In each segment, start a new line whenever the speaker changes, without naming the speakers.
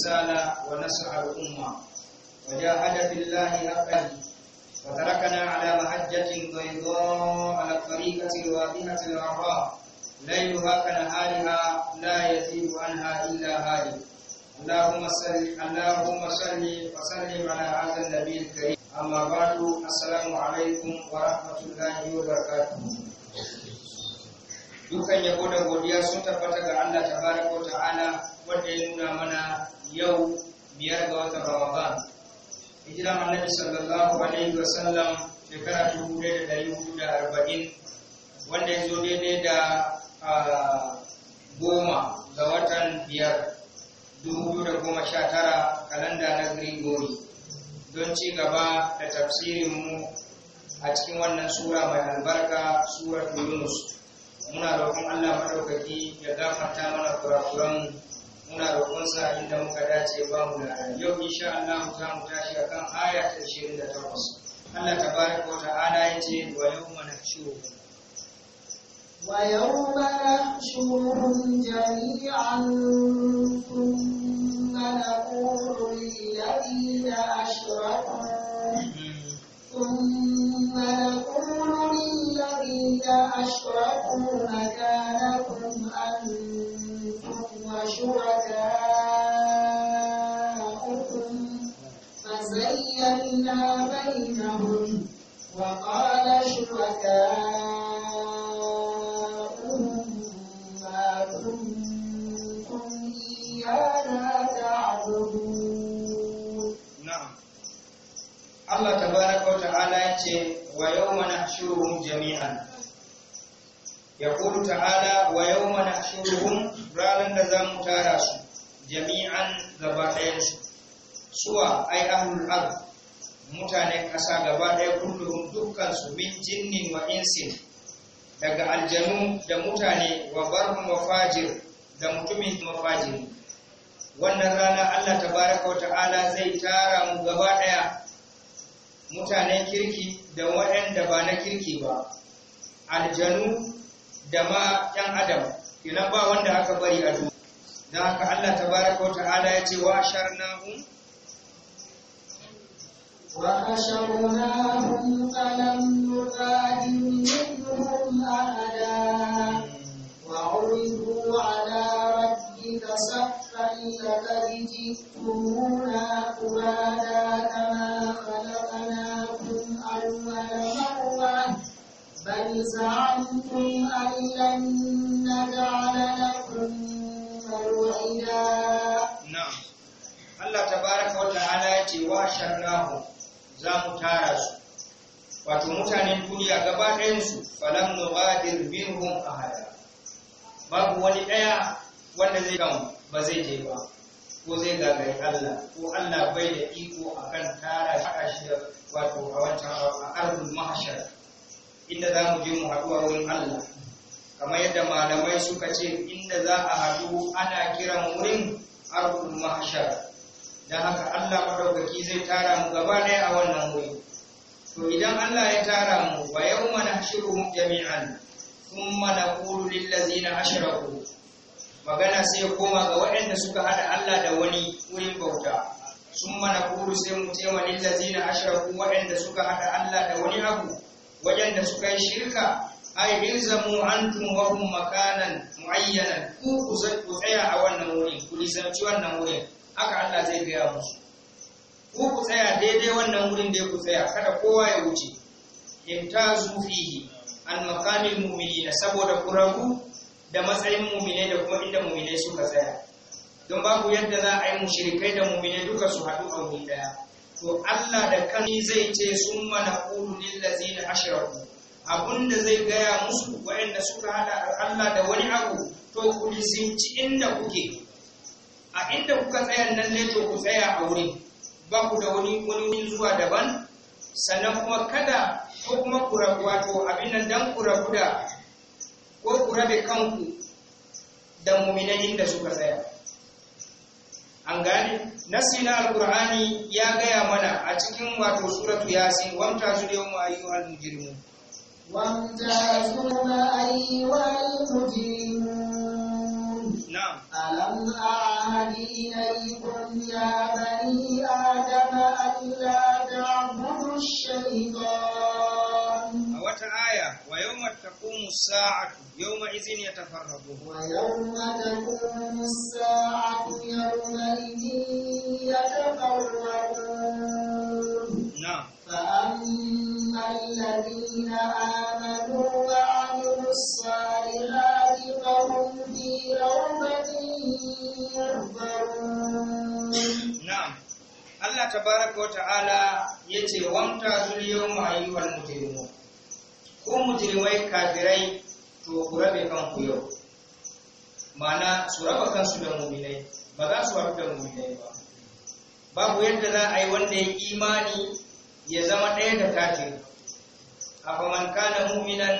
الرسالة ونصح الأمة وجاهد في الله حقه وتركنا على محجة بيضاء على الطريقة الواضحة الغراء ليلها كنهارها لا يزيد عنها إلا هادي اللهم صل اللهم صل وسلم على هذا النبي الكريم أما بعد السلام عليكم ورحمة الله وبركاته dukkan yabo da godiya sun tabbata ga Allah tabaraka wa ta'ala wanda ya nuna mana yau biyar ga watan Ramadan na annabi sallallahu alaihi wa sallam shekara dubu ɗaya da ɗari hudu da arba'in wanda ya zo daidai da goma ga watan biyar dubu da goma sha tara kalanda na Grigori don ci gaba da tafsirin mu a cikin wannan sura mai albarka surar Yunus muna roƙon Allah madaukaki ya gafarta mana kurakuran muna roƙon sa inda muka dace ba mu da yau insha Allah za mu tashi akan aya ta 28 Allah tabaraka wata'ala
yace wa yawma nahshuruhum wa yawma nahshuruhum jami'an thumma naqulu lilladheena ashraku thumma naqulu lilladheena ashraku makanakum antum وشركاءكم فزينا بينهم وقال شركاءهم ما كنتم إيانا
تعبدون نعم الله تبارك وتعالى يقول ويوم نحشرهم جميعا yaqulu ta'ala wa yawma nahshuruhum ranar da zamu tara su jami'an gaba ɗayan su suwa ai ahlul ard ƙasa gaba ɗaya kulluhum dukkan su min jinnin daga aljanu da mutane wa barhum wa fajir mutumin mafajiri wannan rana Allah tabaraka ta'ala zai tara mu gaba ɗaya mutanen kirki da waɗanda ba na kirki ba aljanu da ma ɗan adam kenan ba wanda aka bari a duniya don haka Allah tabaraka wa hada ya ce wa asharnahum
وحشرناهم فلم نغادر منهم da وعرضوا على ربك صفا لقد جئتمونا كما بل زعمتم أن لن نجعل لكم موعدا نعم Allah tabaraka wa
ta'ala ya ce wa sharrahu za mu tara wato mutane duniya gaba ɗayansu falam nubadir minhum ahada babu wani ɗaya wanda zai kan ba zai je ba ko zai gagaye Allah ko Allah bai da iko akan tara shi wato a wancan a mahashar inda za mu je mu haɗu a wurin Allah kamar yadda malamai suka ce inda za a haɗu ana kiran wurin arkul mahshar dan haka Allah madaukaki zai tara mu gaba ɗaya a wannan wuri to idan Allah ya tara mu wa yawma nahshuruhum jami'an thumma naqulu lil ladzina ashraku magana sai koma ga waɗanda suka hada Allah da wani wurin bauta mana naqulu sai mu ce wa lil ladzina ashraku waɗanda suka hada Allah da wani abu da suka yi shirka ai ilzamu antum wa hum makanan muayyanan ku ku tsaya a wannan wurin ku lisanci wannan wurin haka Allah zai gaya musu ku ku tsaya daidai wannan wurin da ku tsaya kada kowa ya wuce zufi fihi an maqamil mu'minina saboda ku da matsayin muminai da kuma inda muminai suka tsaya don babu yadda za a yi mushrikai da muminai duka su haɗu a wuri daya to Allah da kani zai ce sun mana ƙulu ne na ashiraku abinda zai gaya musu waɗanda suka hada Allah da wani abu to ku zinci inda kuke a inda kuka tsaya nan ne to ku tsaya a wurin ba ku da wani wani zuwa daban sannan kuma kada ko kuma ku rabu wato abin nan dan ku rabu da ko ku rabe kanku da mu'minin inda suka tsaya an gane nasi na alkur'ani ya gaya mana a cikin wato suratu yasin wamta su da yawon ayyuhal mujrimun
wamta su da al-mujrimu na'am alam ahadi ilaykum ya bani adama ta'budu
ash ويوم تقوم الساعة يوم إذن يتفرقون ويوم تقوم
الساعة يومئذ يتفرقون نعم فأما الذين آمنوا وعملوا الصالحات فهم في روضة يحبرون نعم
الله تبارك وتعالى يتي وامتازوا اليوم أيها المتقون ko mujrimai kafirai to ku rabe kanku yau ma'ana su raba kansu da muminai ba za su rabu da muminai ba babu yadda za a yi wanda ya imani ya zama ɗaya da kafiri a kaman kana muminan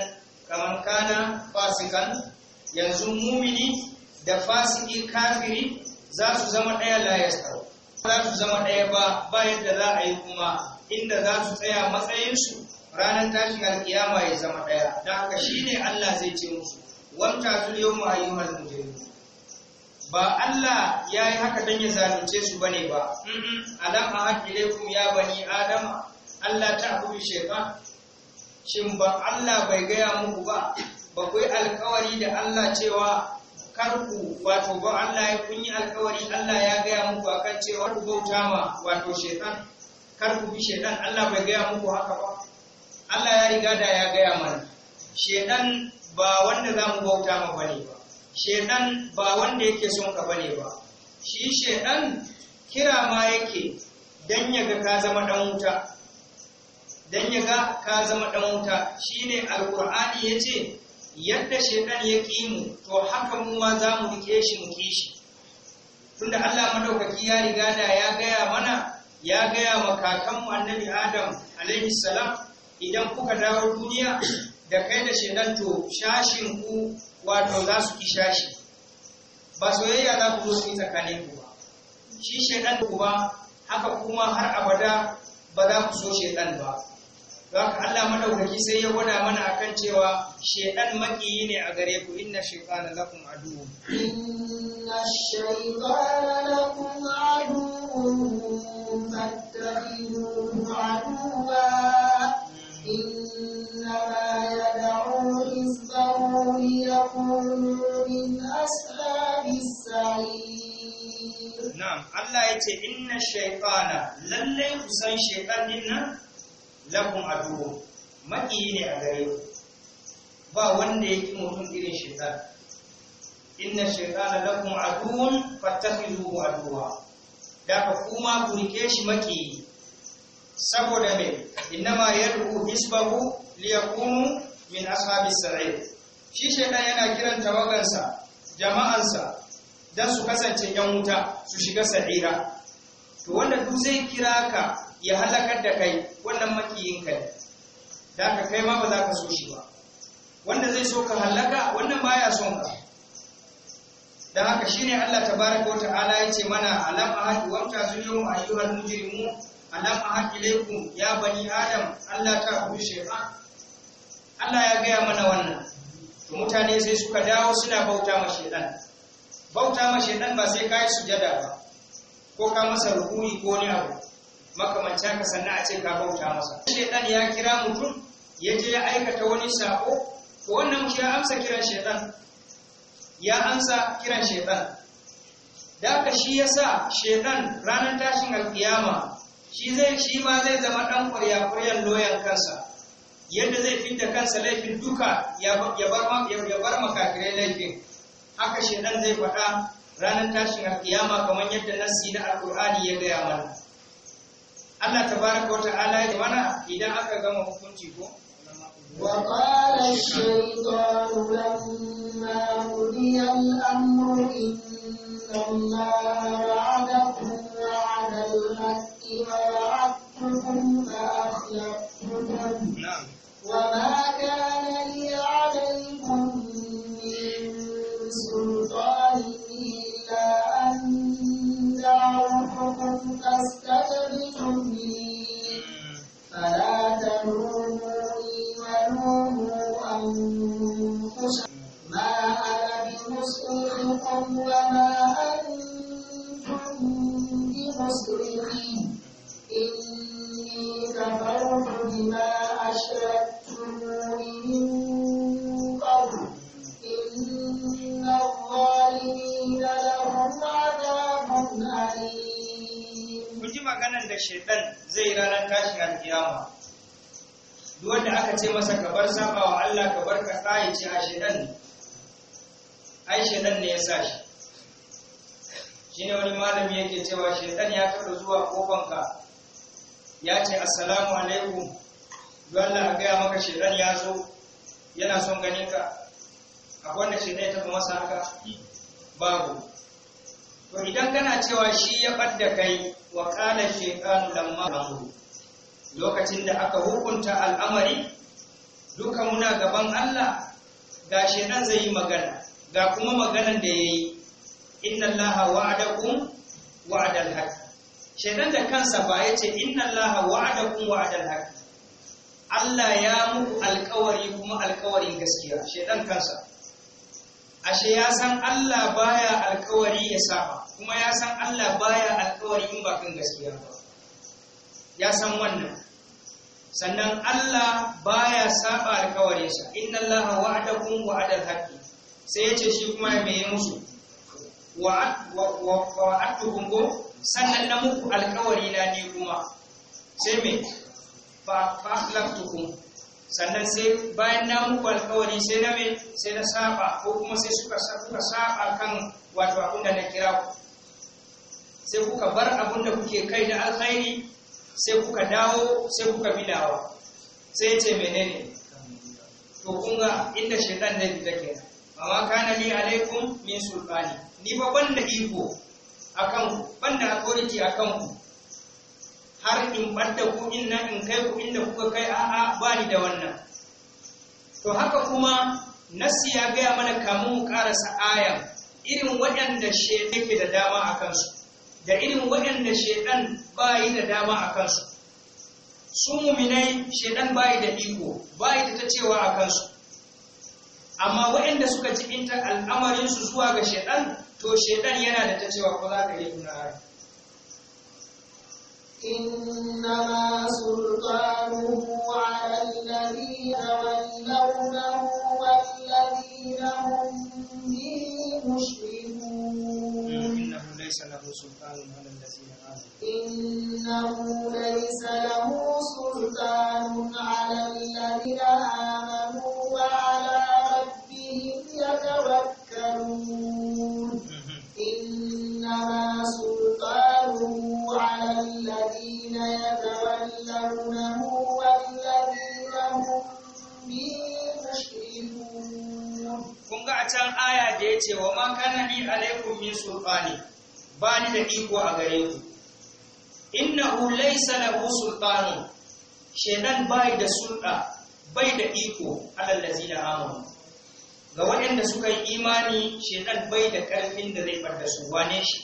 kaman kana fasikan yanzu mumini da fasiki kafiri za su zama ɗaya layastar za su zama ɗaya ba ba yadda za a yi kuma inda za su tsaya matsayinsu ranar tashin alkiyama ya zama ɗaya da haka shine Allah zai ce musu wanta su yau mu ayyuhal ba Allah ya yi haka don ya zalunce su ba ne ba Alama ahad ilaikum ya bani adama Allah ta abu shaytan shin ba Allah bai gaya muku ba bakwai alkawari da Allah cewa karku wato ba Allah ya kunyi alkawari Allah ya gaya muku akan cewa ku bauta ma wato shaitan karku bi shaitan Allah bai gaya muku haka ba Allah ya riga da ya gaya mana shedan ba wanda za mu bauta ma bane ba shedan ba wanda yake son ka bane ba shi shedan kira ma yake dan ya ga ka zama dan wuta dan ya ga ka zama dan wuta shine alqur'ani yace yadda shedan ya mu to haka mu ma za mu rike shi mu kishi tunda Allah madaukaki ya riga da ya gaya mana ya gaya wa kakanmu annabi Adam alaihi salam idan kuka dawo duniya da kai da shedan to shashin ku wato za su ki shashi ba soyayya za ku zo su yi tsakanin ku ba shi shaidan ku ba haka kuma har abada ba za ku so shaidan ba don haka Allah madaukaki sai ya gwada mana akan cewa shaidan makiyi ne a gare ku inna shaytana lakum aduwwun
inna shaytana lakum aduwwun Na’am, Allah ya ce, Inna shaifana
lallai kusan shaifan dinnan lagun adubo, maƙiyi ne a gare ba wanda ya mutum irin shaifan. Inna shaifana lagun adubon fatafi aduwa, da ka kuma burke shi maƙiyi, saboda mai, inna ma yadda ku hisbahu liya kunu min ashabi sarai. shi shaidan yana kiran tawagansa jama'ansa don su kasance yan wuta su shiga sa'ira to wanda duk zai kira ka ya halakar da kai wannan makiyin ka ne da ka kai ma ba za ka so shi ba wanda zai so ka halaka wannan baya son ka Da haka shine Allah tabaraka wataala ce mana alam ahad wa tazuyum ayyuhal mujrimun alam ahad ilaykum ya bani adam Allah ta hu shaytan Allah ya gaya mana wannan mutane sai suka dawo suna bauta ma shedan bauta ma shedan ba sai kai sujada ba ko ka masa rukuni ko ne abu makamanci ka sannan a ce ka bauta masa shedan ya kira mutum ya je ya aikata wani sako Ko wannan ya amsa kiran shedan ya amsa kiran shedan da haka shi yasa shedan ranar tashin alkiyama shi zai shi ma zai zama dan ƙwarya ƙwaryan loyan kansa yadda zai da kansa laifin duka ya bar makafirai laifin haka ɗan zai faɗa ranar tashin alkiyama kamar yadda nasi na alkur'ani ya gaya mana Allah Ta tabaraka wata ala ya mana idan aka gama hukunci ko
وقال الشيطان لما قضي الله وعدكم وعد الحق ووعدتكم وما كان
shedan zai yi ranar tashi tashin kiyama duk wanda aka ce masa ka bar saba wa Allah ka bar ka tsaye ce a ne. ai shedan ne ya sa shi shine wani malami yake cewa shedan ya taɓa zuwa kofanka ya ce assalamu alaikum duk Allah a gaya maka shedan ya zo yana son ganin ka akwai wanda shedan ya taɓa masa haka babu to idan kana cewa shi ya ɓadda kai wa kana shekaru lamma lokacin da aka hukunta al'amari duka muna gaban Allah ga shaytan zai yi magana ga kuma maganan da ya yayi inna wa'ada kun wa'adal haqq Shaidan da kansa ba ya yace inna wa'ada kun wa'adal haqq Allah ya muku alƙawari kuma alƙawarin gaskiya Shaidan kansa ashe ya san Allah baya alkawari ya saba kuma ya san Allah baya alkawari in ba kan gaskiya ba ya san wannan sannan Allah baya saba sa inna Allah wa'adakum wa'adal haqqi sai ya ce shi kuma ya ya musu wa'adtukum go sannan na muku alkawari na ne kuma sai me fa sannan sai bayan na muku alkawari sai na me sai na saba ko kuma sai suka suka saba kan wato abin da na kira ku sai kuka bar abin da kuke kai da alkhairi sai kuka dawo sai kuka dawo sai ce menene to kun ga inda shaitan ne bi take amma kana li alaikum min sultani ni ba banda iko akan ku banda authority akan ku har in ɓadda ku na, in kai ku inda kuka kai a'a ba ni da wannan to haka kuma nasi ya gaya mana kamun mu karasa ayan irin waɗanda she ke da dama a kansu da irin waɗanda ba yi da dama a kansu su muminai ba yi da iko ba yi da ta cewa a kansu amma waɗanda suka ci al'amarin su zuwa ga shaitan to shaitan yana da ta cewa ko za ka yi nuna
إنما سلطانه على الذين ولونه والذين هم به مشركون إنه
ليس له سلطان على الذين آمنوا
إنه ليس له سلطان على
ce wa man kana li alaikum min sultani ba ni da iko a gare ku innahu laysa lahu sultani, shedan bai da sulta bai da iko alal ladina amanu ga waɗanda suka yi imani shedan bai da ƙarfin da zai fada su wane shi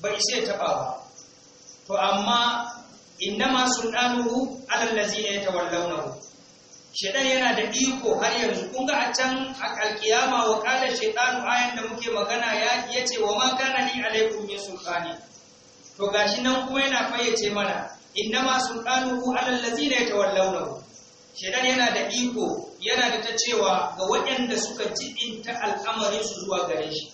bai sai taba ba to amma innama sultanuhu alal ladina yatawallawnahu shaitan yana da iko har yanzu kun ga a can a alkiyama wa kala shaitan ayan da muke magana ya yace wa ma kana ni alaikum min sultani to gashi nan kuma yana fayyace mana innama sultanuhu ala allazina yatawallawnahu shaitan yana da iko yana da ta cewa ga waɗanda suka ta al'amarin su zuwa gare shi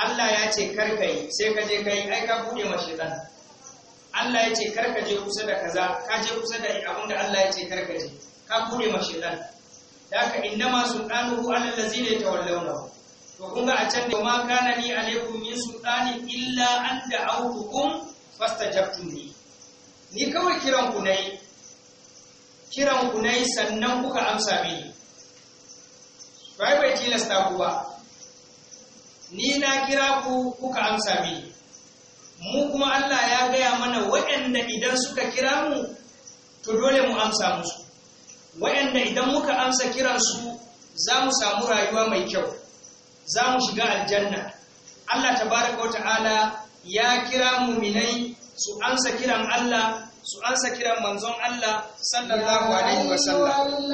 Allah ya ce karkai sai ka je kai ai ka bude ma shaitan Allah ya ce karkaje kusa da kaza ka kusa da abinda Allah ya ce karkaje je ka ma shaitan da haka innama sultanuhu ala allazina yatawallawnahu to kun ga a can da ma kana ni alaikum min sultani illa an da'awtukum fastajabtum ni kawai kiran ku nayi kiran ku nayi sannan kuka amsa mini bai bai tilasta ku ba ni na kira ku kuka amsa mini mu kuma Allah ya gaya mana waɗanda idan suka kira mu to dole mu amsa musu waɗanda idan muka amsa kiransu za mu samu rayuwa mai kyau za mu shiga aljanna Allah tabaraka wa ta'ala ya kira muminai su ansa kiran Allah su ansa kiran manzon Allah sallallahu alaihi wa sallam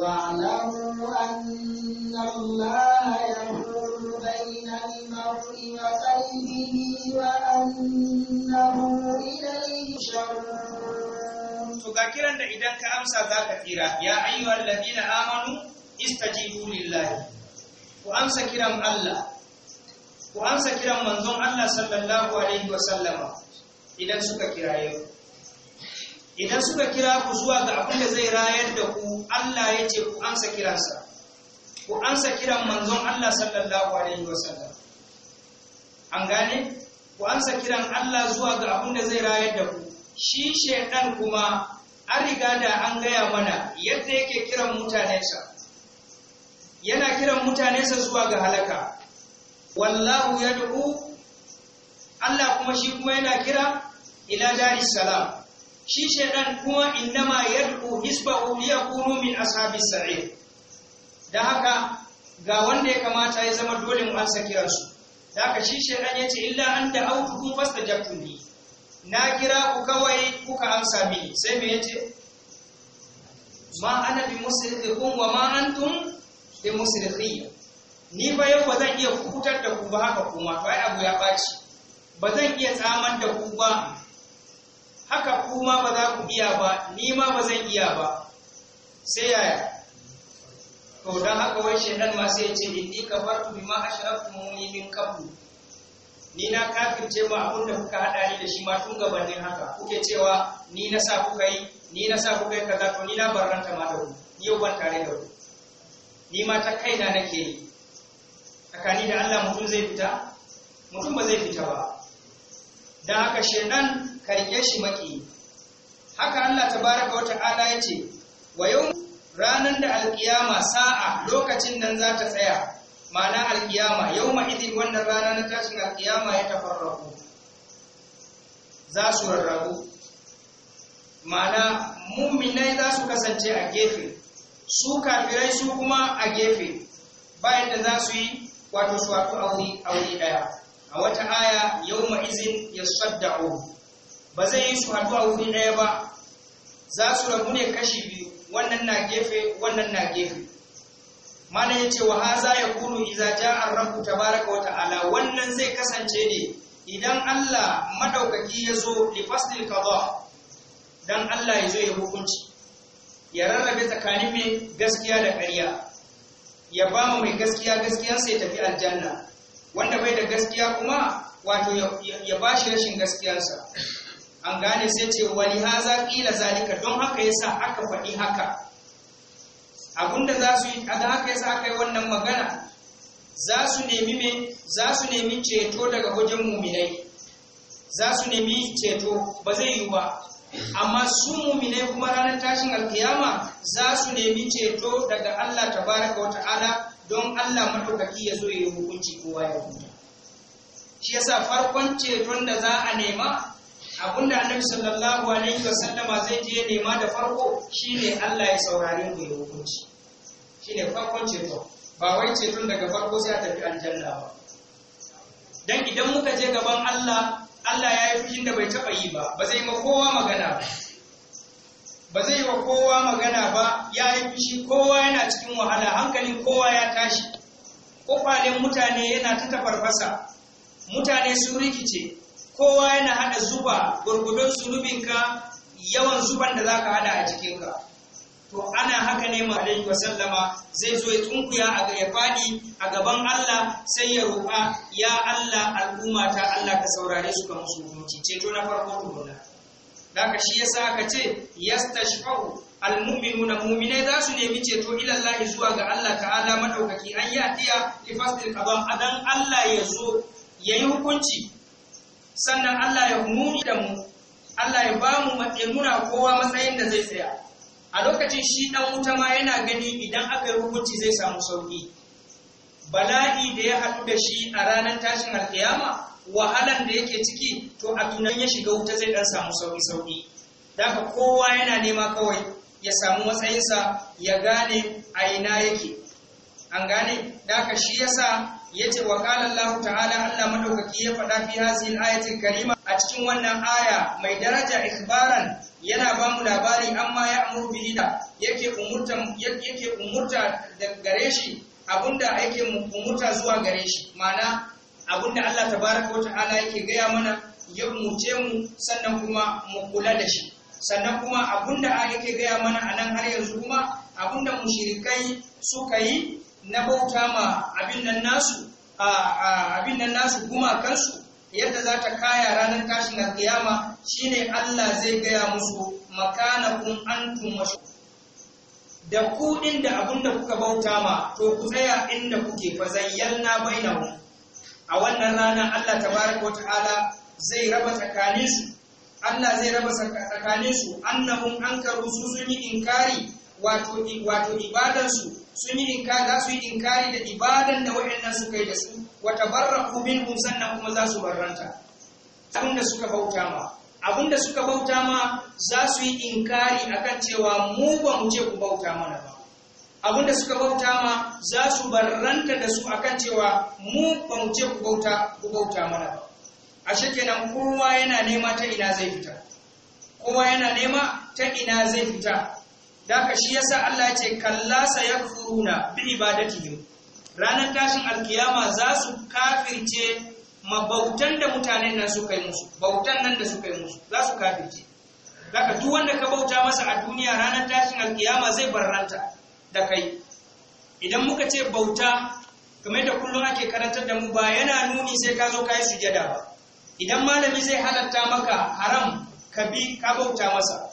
واعلموا أن الله kiran da idan ka amsa
za ka tira ya ayyuhal ladina amanu istajibu lillahi ku amsa kiran Allah ku amsa kiran manzon Allah sallallahu alaihi wa sallama idan suka kira yau idan suka kira ku zuwa ga abin da zai rayar da ku Allah yace ku amsa kiransa ku amsa kiran manzon Allah sallallahu alaihi wa sallama an gane ku amsa kiran Allah zuwa ga abin da zai rayar da ku shi ɗan kuma an riga da an gaya mana yadda yake kiran mutanensa yana kiran mutanensa zuwa ga halaka wallahu yad'u Allah kuma shi kuma yana kira ila daris salam shi shaidan kuma innama yad'u hisbahu liyakunu min ashabis sa'ir da haka ga wanda ya kamata ya zama dole mu ansa kiransu zaka shi shedan yace illa an da'awtukum fastajabtum li
na kira
ku kawai kuka amsa mini sai me yace ma ana bi musrikum wa ma antum bi musrikhi ni ba yau ba zan iya kutar da ku ba haka kuma to ai abu ya baci ba zan iya tsaman da ku ba haka kuma ba za ku iya ba ni ma ba zan iya ba sai yaya to don haka wai shaidan ma sai ce inni kafartu bima ashraftumuni min kabu ni na kafirce ma abun da kuka hada ni da shi ma tun gabanin haka kuke cewa ni na sa kuka yi ni na sa kuka yi kaza to ni na barranta ma da ku ni yau ban tare da ku ni ma ta kaina nake yi tsakani da Allah mutum zai fita mutum ba zai fita ba dan haka shedan karke shi maki haka Allah tabaraka wa ta'ala yace wa yawm ranan da alkiyama sa'a lokacin nan za ta tsaya ma'ana alkiyama yau ma'idin wannan rana na tashin alkiyama ya tafarraku za su rarrabu ma'ana mumminai za su kasance a gefe su kafirai su kuma a gefe bayan da za su yi wato su wato auri daya a wata aya yau ma'izin ya sadda'o ba zai yi su haɗu a wuri ɗaya ba za su rabu ne kashi biyu wannan na gefe wannan na gefe mana ya ce wa haza ya kunu iza rabu, ta tabaraka wa ta'ala wannan zai kasance ne idan Allah madaukaki ya zo li faslil qada dan Allah ya zo ya hukunci ya rarrabe tsakanin mai gaskiya da ƙarya ya ba mu mai gaskiya gaskiyansa ya tafi aljanna wanda bai da gaskiya kuma wato ya ba rashin gaskiyansa an gane sai ce wani haza ƙila zalika don haka yasa aka faɗi haka abinda za su yi da haka yasa aka yi wannan magana za su nemi me za su nemi ceto daga wajen muminai za su nemi ceto ba zai yi ba amma su muminai kuma ranar tashin alkiyama za su nemi ceto daga Allah tabaraka wata'ala don Allah madaukaki ya zo ya yi hukunci kowa ya hukunta shi yasa farkon ceton da za a nema abinda annabi sallallahu alaihi wasallama zai je nema da farko shine Allah ya saurare mu ya hukunci shine farkon ceto ba wai ceton daga farko sai a tafi aljanna ba dan idan muka je gaban Allah Allah ya yi fushin da bai taba yi ba ba zai ma kowa magana ba ba zai wa kowa magana ba ya yi fushi kowa yana cikin wahala hankalin kowa ya tashi kofalin mutane yana ta tafarfasa mutane su rikice kowa yana hada zuba gurgudun ka yawan zuban da za ka hada a jikinka to ana haka ne ma wasallama zai zo ya tunkuya a ya faɗi a gaban Allah sai ya roƙa ya Allah al'umma ta Allah ka saurare su ka musu hukunci ceto na farko tukuna ka shi yasa aka ce yastashfa'u almu'minuna mu'minai za su nemi ceto ila zuwa ga Allah ta'ala madaukaki an yatiya li qadam adan Allah ya zo yayi hukunci sannan Allah ya muni da mu Allah ya bamu mu nuna kowa matsayin da zai tsaya a lokacin shi dan wuta ma yana gani idan aka yi hukunci zai samu sauki bala'i da ya haɗu da shi a ranar tashin alkiyama wahalan da yake ciki to a tunan ya shiga wuta zai dan samu sauki sauki daga kowa yana nema kawai ya samu matsayinsa ya gane a ina yake an gane daga shi yasa yace wa qala Allah ta'ala Allah madaukaki ya faɗa fi hasil ayatin karima a cikin wannan aya mai daraja ikhbaran yana ba mu labari amma ya amuru bihi da yake umurta yake umurta da gare shi abunda yake umurta zuwa gare shi ma'ana abunda Allah tabaraka ta'ala yake gaya mana ya umurce mu sannan kuma mu kula da shi sannan kuma abunda yake gaya mana a nan har yanzu kuma abunda mushrikai suka yi na bauta ma abin nan nasu abin nan nasu gumakansu yadda za ta kaya ranar tashin alkiyama shine Allah zai gaya musu makanakun antum mashu da ku din da da kuka bauta ma to ku tsaya inda kuke fa zayyalna bainahum a wannan rana Allah tabaraka wa ta'ala zai raba tsakaninsu Allah zai raba tsakaninsu annahum ankaru su sun yi inkari wato wato ibadansu sun yi inkari za su yi inkari da ibadan da wayannan suka yi da su wa tabarraku minhum sannan kuma za su barranta abinda suka bauta ma abinda suka bauta ma za su yi inkari akan cewa mu ba mu ce ku bauta mana ba abinda suka bauta ma za su barranta da su akan cewa mu ba mu ce ku bauta ku bauta mana ba ashe kenan kowa yana nema ta ina zai fita kowa yana nema ta ina zai fita Daka shi yasa Allah ya ce kalla sayakfuruna bi ibadatihim. ranan tashin alkiyama za su kafirce mabautan da mutanen nan suka yi musu, bautan nan da suka yi musu, za su kafirce. Daka duk wanda ka bauta masa a duniya ranan tashin alkiyama zai barranta da kai. Idan muka ce bauta kamar da kullum ake karantar da mu ba yana nuni sai ka zo ka yi sujada ba idan malami zai halatta maka haram ka bi ka bauta masa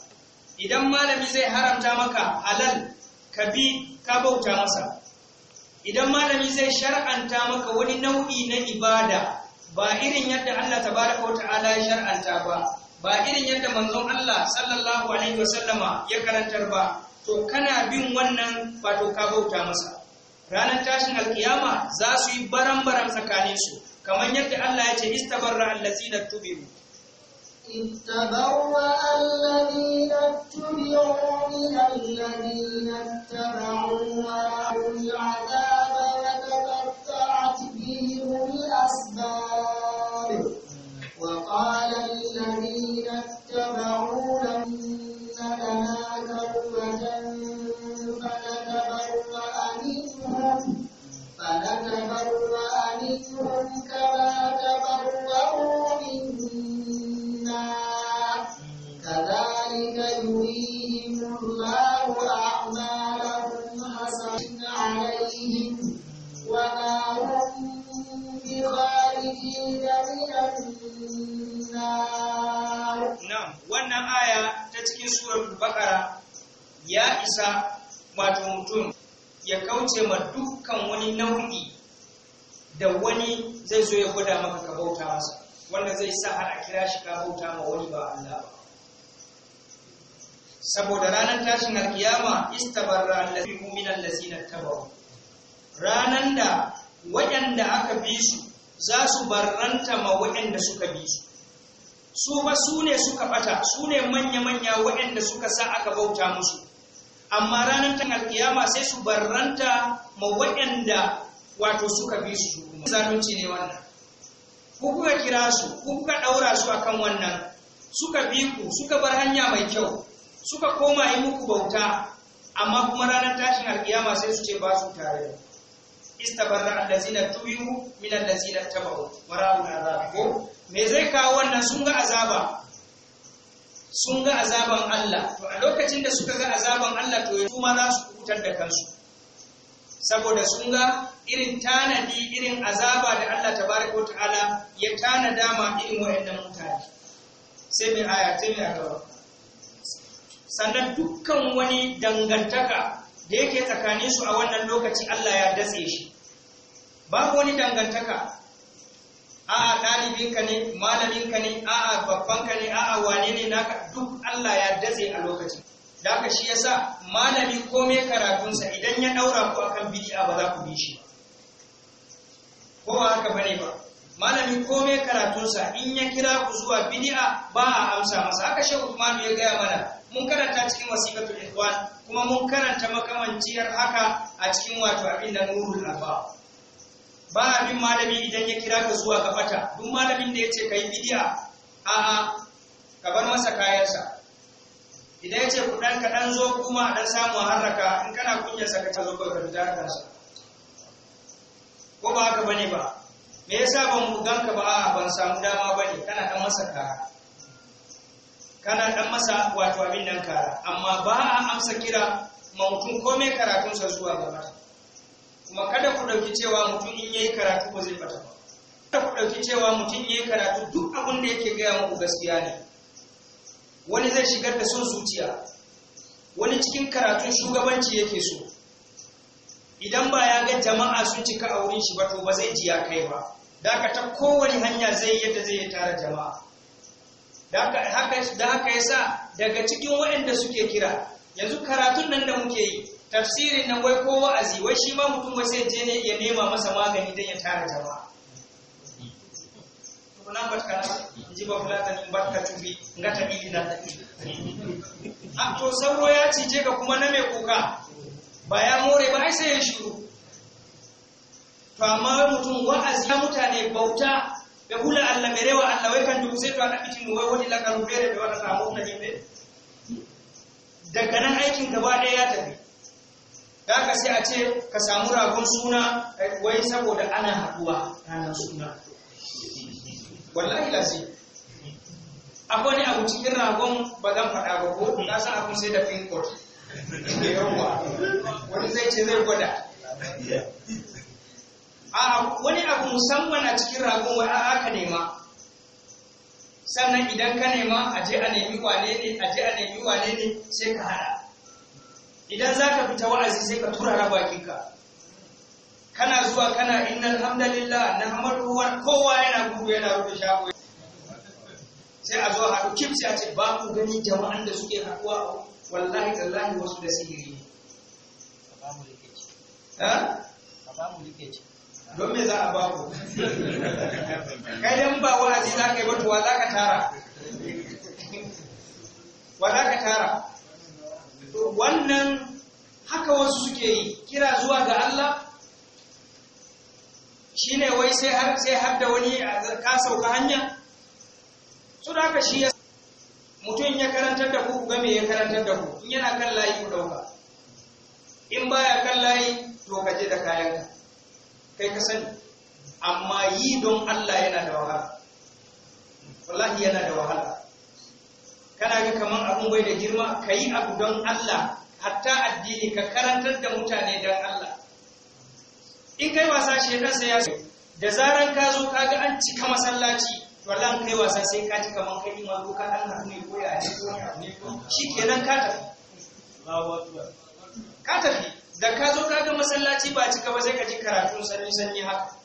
idan malami zai haramta maka halal ka bi ka bauta masa idan malami zai shar'anta maka wani nau'i na ibada ba irin yadda Allah tabaraka wa ta'ala ya shar'anta ba ba irin yadda manzon Allah sallallahu alaihi wasallama ya karantar ba to kana bin wannan wato ka bauta masa ranar tashin alkiyama za su yi baran-baran tsakaninsu kamar yadda Allah ya ce istabarra allazina tubiru
استبرأ الذين اتبعوا من الذين اتبعوا ورأوا العذاب
kauce ma dukkan wani nau'i da wani zai zo ya gwada maka ka bauta masa wanda zai sa a kira shi ka bauta ma wani ba Allah ba saboda ranar tashin alkiyama istabarra allazi min allazina tabaru ranan da waɗanda aka bi su za su barranta ma waɗanda suka bi su su ba su ne suka bata su ne manya-manya waɗanda suka sa aka bauta musu amma ranar ta alkiyama sai su barranta ma waɗanda wato suka bi su kuma zalunci ne wannan ku kuka kira su ku kuka ɗaura su akan wannan suka bi ku suka bar hanya mai kyau suka koma yi muku bauta amma kuma ranar tashin alkiyama sai su ce ba su tare istabarra allazina tubiyu min allazina azab ko me zai kawo wannan sun ga azaba sun ga azaban Allah to a lokacin da suka ga azaban Allah to su ma za su kutar da kansu saboda sun ga irin tanadi irin azaba da Allah tabaraka ta'ala ya tanada ma irin wa'annan mutane sai mai aya ta mai gaba sannan dukkan wani dangantaka da yake tsakanin su a wannan lokaci Allah ya datse shi babu wani dangantaka a'a ɗalibinka ne malaminka ne a'a babbanka ne a'a wane ne naka duk Allah ya datse a lokaci. da haka shi yasa malami komai karatunsa idan ya ɗaura ku akan bid'a ba za ku bi shi ko ba haka bane ba malami komai karatunsa in ya kira ku zuwa bid'a ba a amsa masa haka shi Uthman ya gaya mana mun karanta cikin wasiqatul ikhwan kuma mun karanta makamanciyar haka a cikin wato abin da nurul ba abin malami idan ya kira ka zuwa ga fata duk malamin da ya ce ka yi bidiya 'a ka bar masa kayansa idan yace ku dan ka dan zo kuma dan samu harraka in kana kunya saka ta zo ka ta kansa ko ba haka bane ba me yasa ban bugan ka ba a ban samu dama bane kana dan masa kara kana dan masa wato abin nan kara amma ba a amsa kira mautun komai karatunsa zuwa ga mata kuma kada ku ɗauki cewa mutum in yayi karatu ko zai fata ba kada ku ɗauki cewa mutum yayi karatu duk abin da yake gaya muku gaskiya ne wani zai shigar da son zuciya wani cikin karatun shugabanci yake so idan ba ya ga jama'a sun cika a wurin shi ba to ba zai ji ya kai ba da ta kowane hanya zai yadda zai tara jama'a da haka yasa daga cikin waɗanda suke kira yanzu karatun nan da muke yi tafsirin nan wai ko wa'azi wai shi ma mutum wai sai je ne ya nema masa magani don ya tara jama'a kuna barka in ji ba fulatan in barka tubi in ga tabi da tabi a to sauro ya cije ka kuma na mai kuka ba ya more ba ai sai ya shiru to amma mutum wa'azi Ya mutane bauta Be hula allah mere wa allah wai dubu sai to a ɗaɓɓitimo wai woɗi lakaru feere ɓe waɗata na yimɓe daga nan aikin gaba ɗaya ya tafi da ka sai a ce ka samu ragon suna eh, wai saboda ana haɗuwa ranar suna wallahi lazim akwai ne abu cikin ragon ba zan faɗa ba ko na san abin sai da pin code yawa wani zai ce zai gwada a wani abu musamman a cikin ragon wai a aka nema sannan idan ka nema a je a nemi wane ne a je a nemi wane ne sai ka haɗa idan za ka fita wa'azi sai ka turara bakinka kana zuwa kana inar hamdalillah, na hamadu kowa yana gudu yana rufe shago sai a zo a haɗu kim a ce ba mu gani jama'an da suke haɗuwa wallahi tallahi wasu da sihiri ne
don me za a ba ku kai dan ba wa'azi za ka yi batuwa za ka tara
wa za ka tara to wannan haka wasu suke yi kira zuwa ga Allah shi ne wai sai har sai har da wani ka sauka hanya su da haka shi ya mutum ya karantar da ku ga me ya karantar da ku in yana kan layi ku dauka in baya kan layi to ka je da kayanka kai ka sani amma yi don Allah yana da wahala wallahi yana da wahala kana ga kaman abun bai da girma ka yi abu don Allah hatta addini ka karantar da mutane don Allah in kai wasa ya sai ya da zaran ka zo ka ga an cika masallaci wallan kai wasa sai ka ji man kai ma ko ka dan hannu ne ko ya ne ko ne shikenan ka tafi ka tafi da ka zo ka ga masallaci ba cika ba sai ka ji karatun sanin sanin haka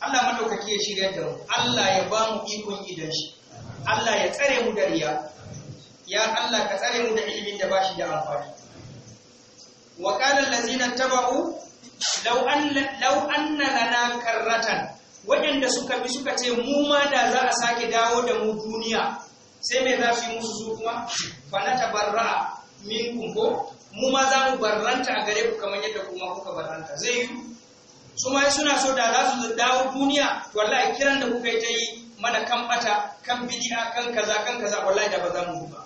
Allah madaukaki ya shirya da mu Allah ya ba mu ikon idan shi Allah ya tsare mu da riya ya Allah ka tsare mu da ilimin da bashi da amfani wa qala allazina tabu law anna law anna lana karratan waɗanda suka bi suka ce mu ma da za a sake dawo da mu duniya sai me za su musu su kuma fa na tabarra kun ko mu ma za mu barranta a gare ku kamar yadda kuma kuka barranta zai yi su ma suna so da za su dawo duniya wallahi kiran da kuka yi ta yi mana kan bata kan bidiya kan kaza kan kaza wallahi da ba za mu ba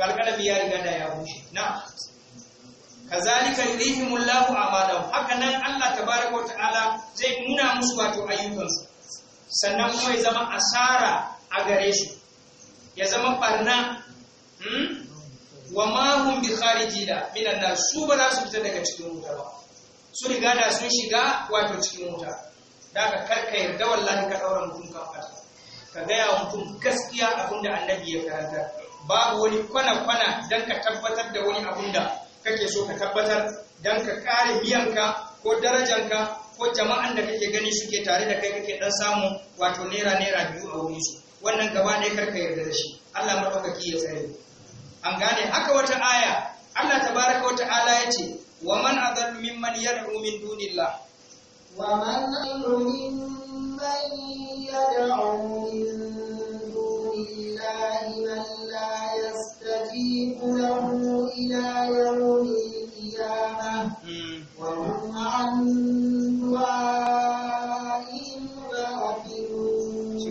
to alƙalami ya riga da ya bushe na kazalika yurihim Allah a'malahum haka nan Allah tabaraka wa ta'ala zai nuna musu wato ayyukansu sannan kuma ya zama asara a gare su ya zama barna hmm? wa ma hum bi minan nar su ba za su fita daga cikin wuta ba su riga da sun shiga wato cikin wuta da ka karka yarda wallahi ka daura mutum kan ka gaya mutum gaskiya abinda annabi ya karanta babu wani kwana-kwana don ka tabbatar da wani abun da kake so ka tabbatar don ka kare biyanka ko darajanka ko jama'an da kake gani suke tare da kai kake dan samu wato naira naira biyu a wurin su wannan gaba ne karka yarda da shi Allah madaukaki ya tsare an gane haka wata aya Allah tabaraka wa ta'ala yace wa man adallu mimman yad'u min dunillah
wa man adallu mimman yad'u min له إلى يوم القيامة وهم عن دعائهم غافلون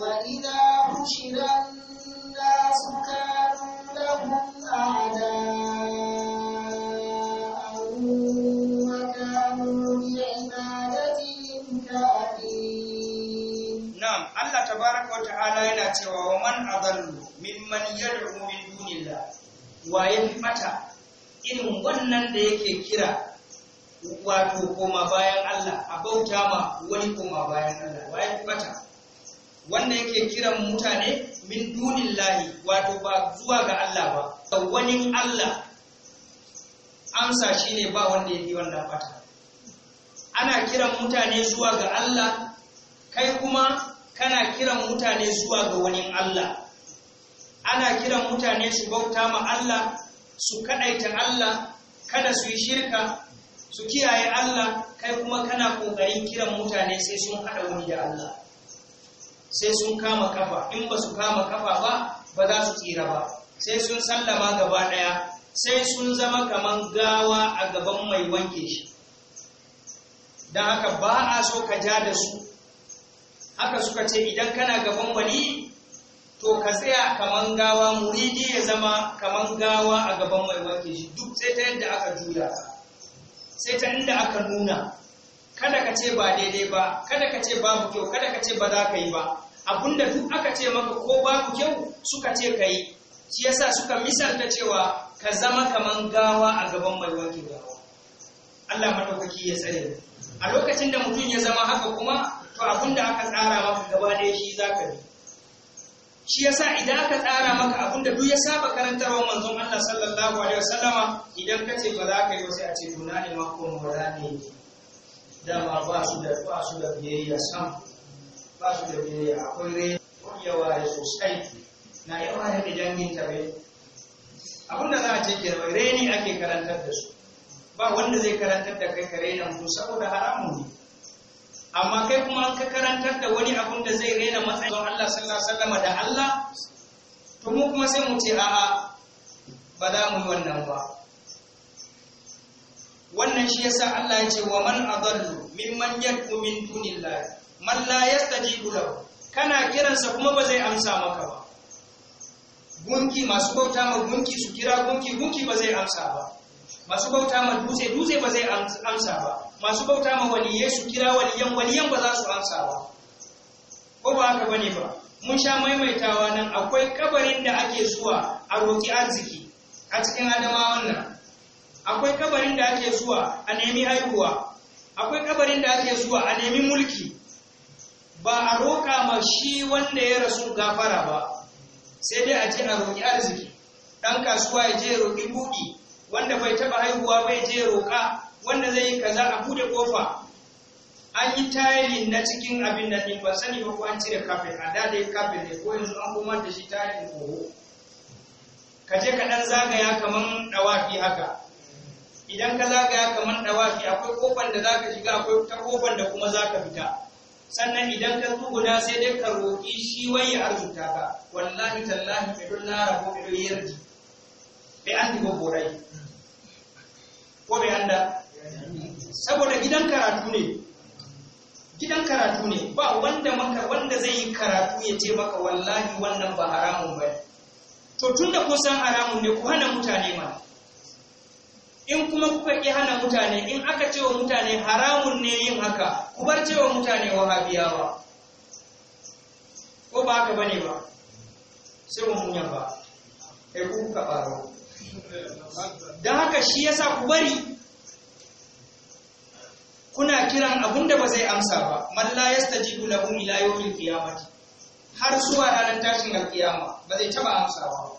وإذا حشر الناس كانوا لهم أعداء وكانوا بعبادتهم كافرين نعم الله تبارك وتعالى يلا
ومن أضل ممن يدعو wayan mata irin wannan da yake kira wato koma bayan Allah a bauta ma wani koma bayan Allah wayan mata wanda yake kiran mutane min dunin lahi wato ba zuwa ga Allah ba da wani Allah amsa shi ne ba wanda ya fi wannan fata ana kiran mutane zuwa ga Allah kai kuma kana kiran mutane zuwa ga wani Allah ana kiran mutane su bauta ma Allah su kadaita Allah kada su yi shirka su kiyaye Allah kai kuma kana kokarin kiran mutane sai sun hada wuri da Allah sai sun kama kafa in ba su kama kafa ba ba za su tsira ba sai sun sallama gaba daya sai sun zama kaman gawa a gaban mai wanke shi don haka ba a so ka ja da su haka suka ce idan kana gaban wani to ka tsaya kaman gawa muridi ya zama kaman gawa a gaban mai wanke shi duk sai ta yadda aka juya sai ta inda aka nuna kada ka ce ba daidai ba kada ka ce babu kyau kada ka ce ba za ka yi ba abinda duk aka ce maka ko babu kyau suka ce ka yi shi yasa suka misalta cewa ka zama kaman gawa a gaban mai wanke gawa Allah madaukaki ya tsare a lokacin da mutum ya zama haka kuma to abinda aka tsara maka gaba ɗaya shi za ka yi shi yasa idan aka tsara maka abin da duk ya saba karantarwa manzon Allah sallallahu alaihi wasallama idan ka ce ba za ka yi wasu a ce duna ne mako mora ne da ba su da ba su da biyayya sam ba su da biyayya akwai rai
yawa da sosai
na yawa da dangin bai abin da za
a ce ke reni
ake karantar da su ba wanda zai karantar da kai ka nan mutum saboda haramun ne amma kai kuma an ka karantar da wani abun da zai rena matsayin don Allah sallallahu alaihi wasallam da Allah to mu kuma sai mu ce a'a ba za mu yi wannan ba wannan shi yasa Allah ya ce wa man adallu mimman yad'u min dunillah man la yastajibu lahu kana kiransa kuma ba zai amsa maka ba gunki masu bauta ma gunki su kira gunki gunki ba zai amsa ba masu bauta ma dutse dutse ba zai amsa ba masu bauta ma waliyai su kira waliyan waliyan ba za su amsa ba ko ba haka bane ba mun sha maimaitawa nan akwai kabarin da ake zuwa a roƙi arziki a cikin adamawan nan akwai kabarin da ake zuwa a nemi haihuwa akwai kabarin da ake zuwa a nemi mulki ba a roƙa ma shi wanda ya rasu gafara ba sai dai a je a roƙi arziki ɗan kasuwa ya je roƙi buɗi wanda bai taɓa haihuwa bai je roƙa wanda zai yi kaza a bude kofa an yi tayin na cikin abin da ɗin ban sani ba ko an cire kafin a da dai kafin ne ko yanzu an kuma da shi tayin koho ka je ka ɗan zagaya kaman ɗawafi haka idan ka zagaya kaman ɗawafi akwai kofar da za ka shiga akwai ta kofar da kuma za ka fita sannan idan ka tsuguna sai dai ka roƙi shi wai ya arzuta ka wallahi tallahi ko na rabo yi yardi bai an dibo borai ko bai an da saboda gidan karatu ne gidan karatu ne ba wanda maka wanda zai yi karatu ya ce maka wallahi wannan ba haramun ba to tunda kun san haramun ne ku hana mutane ma in kuma kuka ki hana mutane in aka ce wa mutane haramun ne yin haka ku bar cewa mutane wahabiyawa ko ba haka bane ba sai mun yaba kai ku ka baro dan haka shi yasa ku bari kuna kiran abun da ba zai amsa ba malla yastajibu lahu ila yawmil qiyamati har zuwa ranar tashin alqiyama ba zai taba amsa ba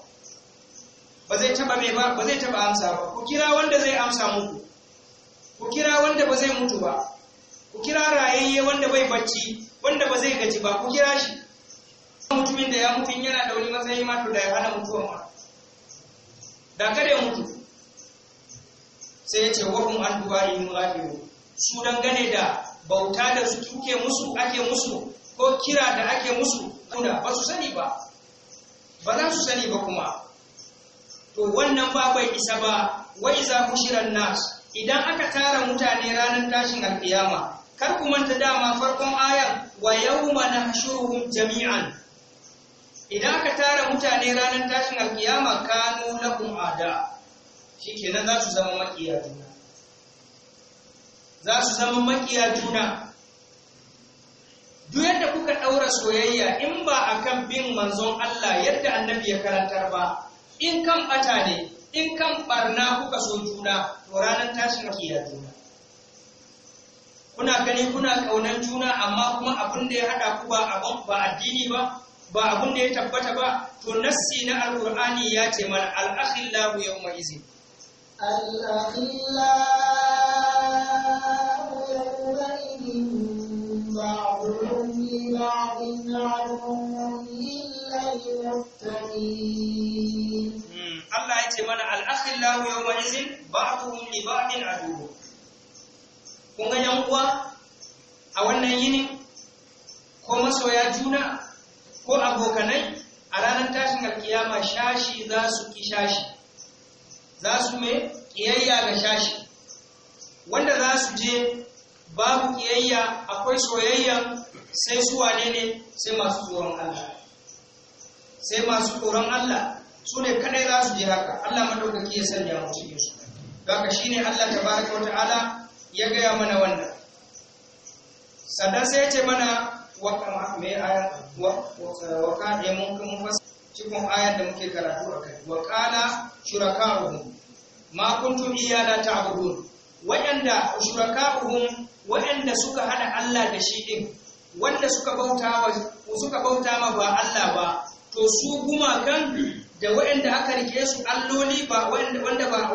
ba zai taba me ba ba zai taba amsa ba ku kira wanda zai amsa muku ku kira wanda ba zai mutu ba ku kira rayayye wanda bai bacci wanda ba zai gaji ba ku kira shi mutumin da ya mutu yana da wani matsayi ma to da ya hana mutuwa ma da kada ya mutu sai ya ce wa hum an dubarihim ghafilun su dangane da bauta da su tuke musu ake musu ko kira da ake musu kuna ba su sani ba ba za su sani ba kuma to wannan ba bai isa ba wai za ku shirar nas idan aka tara mutane ranar tashin alkiyama kar ku manta dama farkon ayan wa na shuruhun jami'an idan aka tara mutane ranar tashin alkiyama kanu lakum ada shikenan za su zama makiya juna za su zama makiya juna duk yadda kuka ɗaura soyayya in ba a kan bin manzon Allah yadda annabi ya karantar ba in kan ɓata ne in kan ɓarna kuka so juna to ranar tashi makiya juna kuna gani kuna ƙaunar juna amma kuma abin da ya haɗa ku ba ba addini ba ba abin da ya tabbata ba to nassi na alƙur'ani ya ce mana al'akhillahu yawma izin
al'akhillahu Hmm.
Allah ya ce mana al'akhillahu yau wani zin ba a li adubu. Kun ga ‘yan uwa a wannan yini ko masoya juna ko abokanai a ranar tashin alkiyama shashi za su ki shashi, za su mai ƙiyayya ga shashi. wanda za su je babu kiyayya akwai soyayya sai su wane ne sai masu tsoron Allah sai masu tsoron Allah su ne kadai za su je haka Allah madaukaki ya sanya mu cikin su haka shine Allah tabaraka wa ta'ala ya gaya mana wannan sannan sai ya ce mana wa kama me aya wa wa ka da mun fasa cikin ayar da muke karatu akai wa qala shuraka'uhum ma kuntum iyyana ta'budun waɗanda shuraka'uhum waɗanda suka hada Allah da shi ɗin, wanda suka bauta suka bauta ma ba Allah ba to su gumakan da waɗanda aka rike su alloli ba waɗanda wanda ba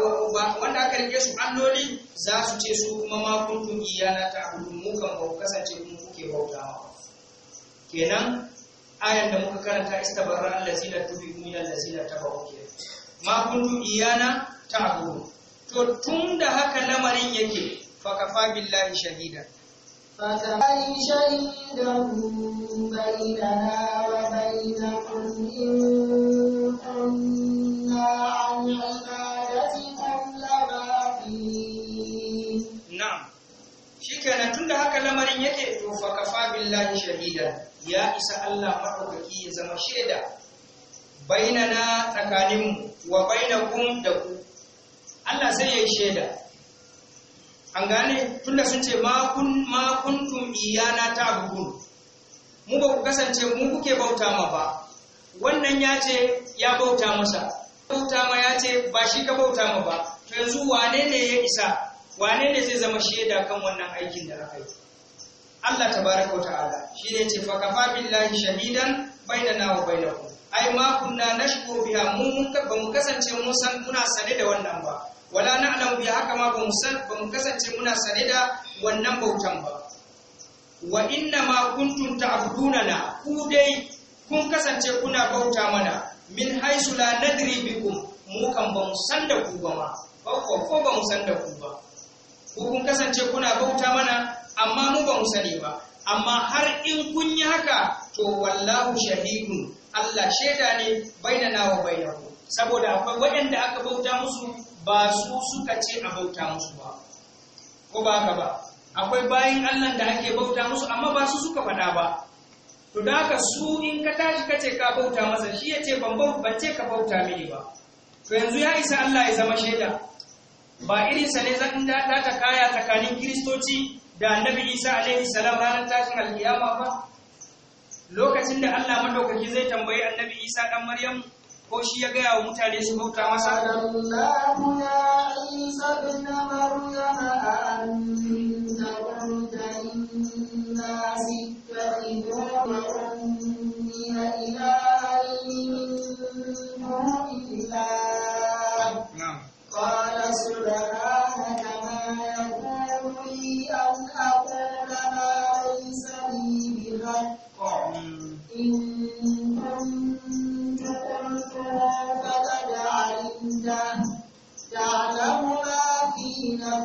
wanda aka rike su alloli za su ce su kuma ma kuntum iyana ta'budun mu kan ba kasance mu kuke ma. kenan ayan da muka karanta istabarra allazina tubi min allazina tabawu ma kuntum iyana ta'budun to tun da haka lamarin yake fakafa billahi shahida
فكفى شهيدا بيننا tunda haka lamarin yake to fa kafa billahi
shahida ya isa Allah madaukaki ya zama shaida bainana tsakaninmu wa bainakum da ku Allah sai ya yi shaida an gane tunda sun ce ma kun ma kuntum iyana ta'budun mu ba ku kasance mu kuke bauta ma ba wannan ya ce ya bauta masa bauta ma ya ce ba shi ka bauta ma ba to yanzu wane ne ya isa wane ne zai zama sheda kan wannan aikin da aka yi Allah tabaraka wa ta'ala shi ne ce fa kafa billahi shahidan bainana wa bainakum ai ma kunna nashku biha mu ba mu kasance mun san muna sane da wannan ba wala na'lamu bi haka ma ba mu san ba mu kasance muna sane da wannan bautan ba wa inna ma kuntum ta'budunana ku dai kun kasance kuna bauta mana min haisu la nadri bikum mu kan ba mu san da ku ba ma ba ko ba mu san da ku ba ku kun kasance kuna bauta mana amma mu ba mu sani ba amma har in kun yi haka to wallahu shahidun Allah shaida ne bainana wa bainakum saboda akwai waɗanda aka bauta musu ba su suka ce a bauta musu ba ko ba haka ba akwai bayin Allah da ake bauta musu amma ba su suka faɗa ba to da haka su in ka tashi ka ce ka bauta masa shi ya ce ban ban ce ka bauta mini ba to yanzu ya isa Allah ya zama shaida ba irin sa ne zan da ta kaya tsakanin kiristoci da annabi isa alaihi salam ranar tashin alkiyama ba lokacin da allah madaukaki zai tambayi annabi isa dan maryam ko shi ya gaya wa mutane su bauta masa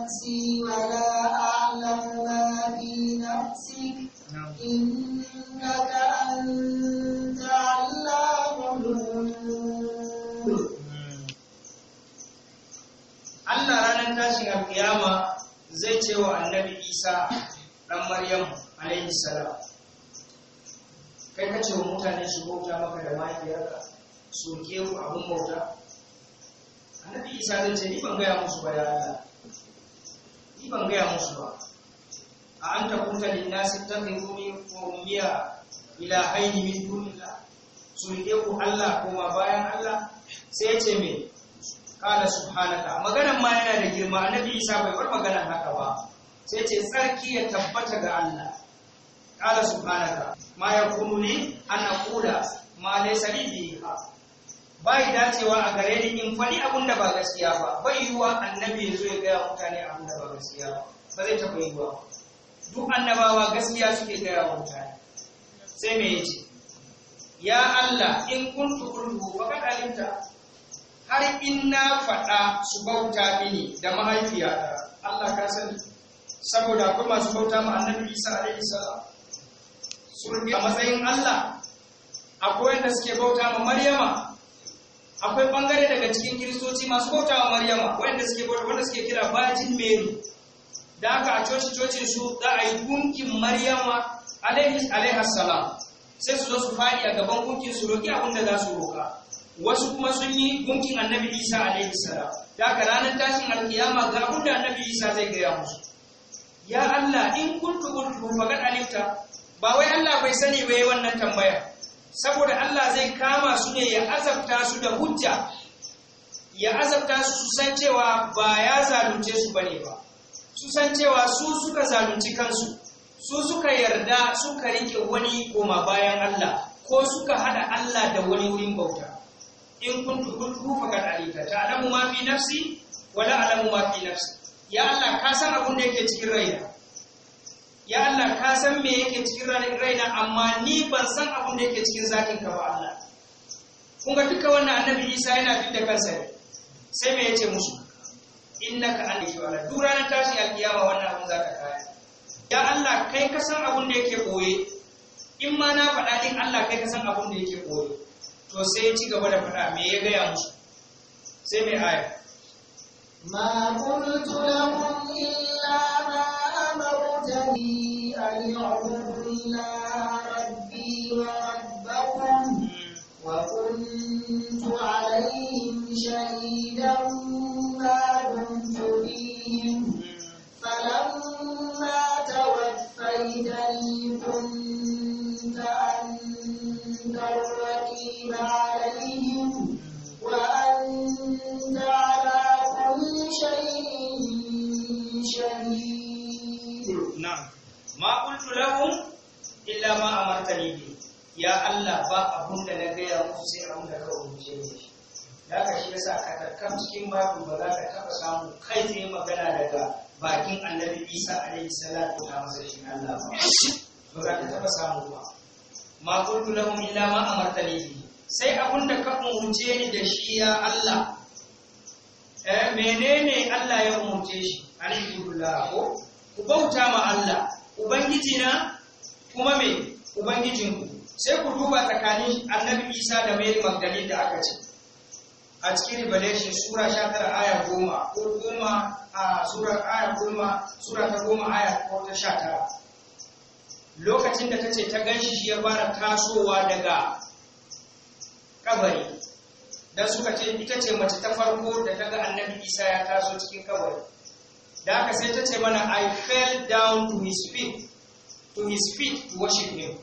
نفسي ولا أعلم ما في نفسك إنك أنت علام Allah ranar tashin alkiyama
zai ce wa annabi Isa ɗan Maryam alaihi salam kai ce wa mutane su bauta maka da mahaifiyarka su ke ku abun bauta annabi Isa zai ce ni ban gaya musu ba ya Allah ni ban gaya musu ba a an ta kunta linnasi ta kai ko miya ila haini min dunila su yi ku Allah ko bayan Allah sai ya ce me kala subhanaka maganan ma yana da girma annabi Isa bai bar magana haka ba sai ce tsarki ya tabbata ga Allah kala subhanaka ma yakunu ni? an aqula ma laysa bihi bai dacewa a gare ni in faɗi abin da ba gaskiya ba bai yiwuwa annabi ya zo ya gaya mutane abin da ba gaskiya ba ba zai taɓa yiwuwa
duk annabawa gaskiya
suke gaya mutane sai me yace ya Allah in kun qultu ba ka alimta har in na faɗa su bauta mini da mahaifiyata Allah ka sani saboda akwai masu bauta ma annabi Isa alaihi salam surbi a matsayin Allah akwai wanda suke bauta ma Maryama akwai bangare daga cikin kiristoci masu bautawa maryama wanda suke bauta wanda suke kira virgin mary da aka a coci cocin su za a yi gunkin maryama alaihi salam sai su zo su faɗi a gaban gunkin su roƙi abin da za su roƙa wasu kuma sun yi gunkin annabi isa alaihi salam da aka ranar tashin alkiyama ga abin da annabi isa zai gaya musu ya allah in kuntu kuntu ba wai allah bai sani bai wannan tambaya saboda Allah zai kama su ne ya azabta su da hujja ya azabta su su san cewa ba ya zalunce su bane ba su san cewa su suka zalunci kansu su suka yarda suka rike wani goma bayan Allah ko suka hada Allah da wani wurin bauta in kun tukuntu faqad alita ta alamu ma fi nafsi wala alamu ma fi nafsi ya Allah ka san abin da yake cikin raina ya Allah ka san me yake cikin raina amma ni ban san abin da yake cikin zakin ka ba Allah kun ga duka wannan annabi Isa yana da kansa ne sai me yace musu innaka alihi wa duk ranar tashi alkiyama wannan abin zaka kaya ya Allah kai ka san abin da yake boye in ma na faɗa din Allah kai ka san abin da yake boye to sai ci gaba da faɗa me ya
gaya musu sai me aya ma qultu lahum illa أرادني أن أعبد الله وكنت عليهم شهيدا ما
ma qultu lahum illa ma amartani bi ya Allah ba abun da na gaya musu sai abun da ka ce ni da ka shi yasa ka tarkam cikin babu ba za ka taba samu kai tsaye magana daga bakin annabi Isa alaihi salatu wa sallam shi Allah ba ba za ka taba samu ba ma qultu lahum illa ma amartani bi sai abun da ka umarce ni da shi ya Allah eh menene Allah ya umarce shi alhamdulillah ko ku bauta ma Allah ubangiji na kuma me ubangijinku sai ku duba tsakanin annabi isa da mai magdalene da aka ce a cikin revelation sura tara aya goma ko goma a sura aya goma sura ta goma aya ko ta sha tara. lokacin da ta ce ta ganshi shi ya fara tasowa daga kabari dan suka ce ita ce mace ta farko da ta ga annabi isa ya taso cikin kabari da aka sai ta ce mana i fell down to his feet to his feet to worship him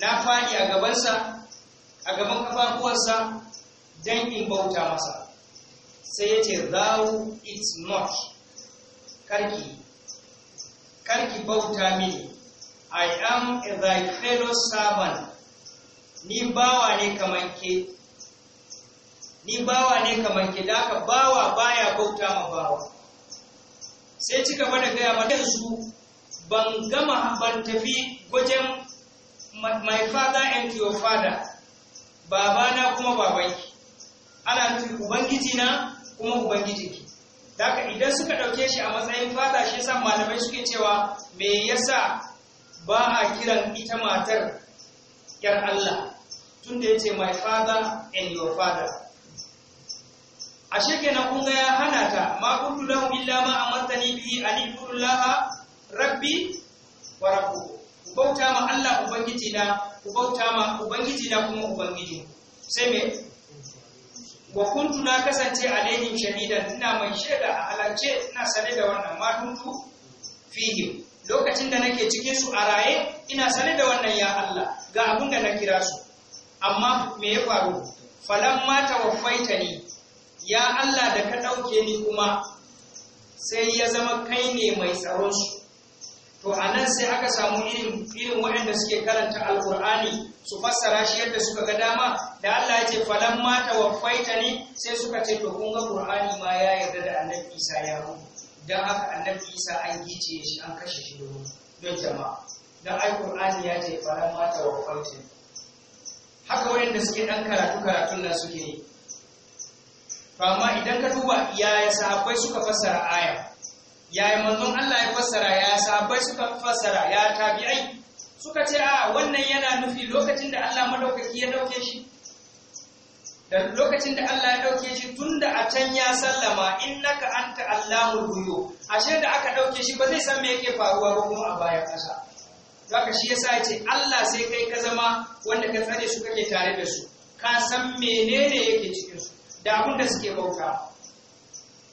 na faɗi a gabansa a gaban kafafuwansa don in bauta masa sai ya ce thou it's not karki karki bauta mini i am a thy fellow servant ni bawa ne kamar ke ni bawa ne kamar ke da aka bawa baya bauta ma bawa sai ci gaba da gaya ba. su ban gama ban tafi wajen my father and your father babana kuma babanki ana nufin ubangiji na kuma ki Daka idan suka ɗauke shi a matsayin fada shi yasa malamai suke cewa me yasa ba a kiran ita matar yar Allah tunda ce my father and your father ashe kenan kun ga ya hana ta ma kuntu lahu illa ma amartani bihi an ibudullaha rabbi wa rabbukum ku bauta ma Allah ubangiji na ku bauta ma ubangiji na kuma ubangiji sai me wa kuntu na kasance alaihim shadidan ina mai shaida a halance ina sane da wannan ma kuntu fihi lokacin da nake cikin su a raye ina sane da wannan ya Allah ga abin da na kira su amma me ya faru falamma tawaffaitani ya Allah da ka ɗauke ni kuma sai ya zama kai ne mai su. to a nan sai aka samu irin irin waɗanda suke karanta alkur'ani su fassara shi yadda suka ga dama da Allah ya ce mata wa faita ne sai suka ce to kun ga ƙur'ani ma ya yarda da annabi Isa ya ru. Don haka annabi Isa an gice shi an kashe shi domin don jama'a Don ai ƙurani ya ce ne. haka waɗanda suke ɗan karatu karatun nan suke yi amma idan ka duba yaya sahabbai suka fassara aya yaya manzon Allah ya fassara ya sahabbai suka fassara ya tabi'ai suka ce a wannan yana nufi lokacin da Allah madaukaki ya dauke shi da lokacin da Allah ya dauke shi tunda a can ya sallama innaka anta allamul ghuyub ashe da aka dauke shi ba zai san me yake faruwa ba kuma a bayan kasa zaka shi yasa yace Allah sai kai ka zama wanda ka tsare su kake tare da su ka san menene yake cikin su da abin da suke bauta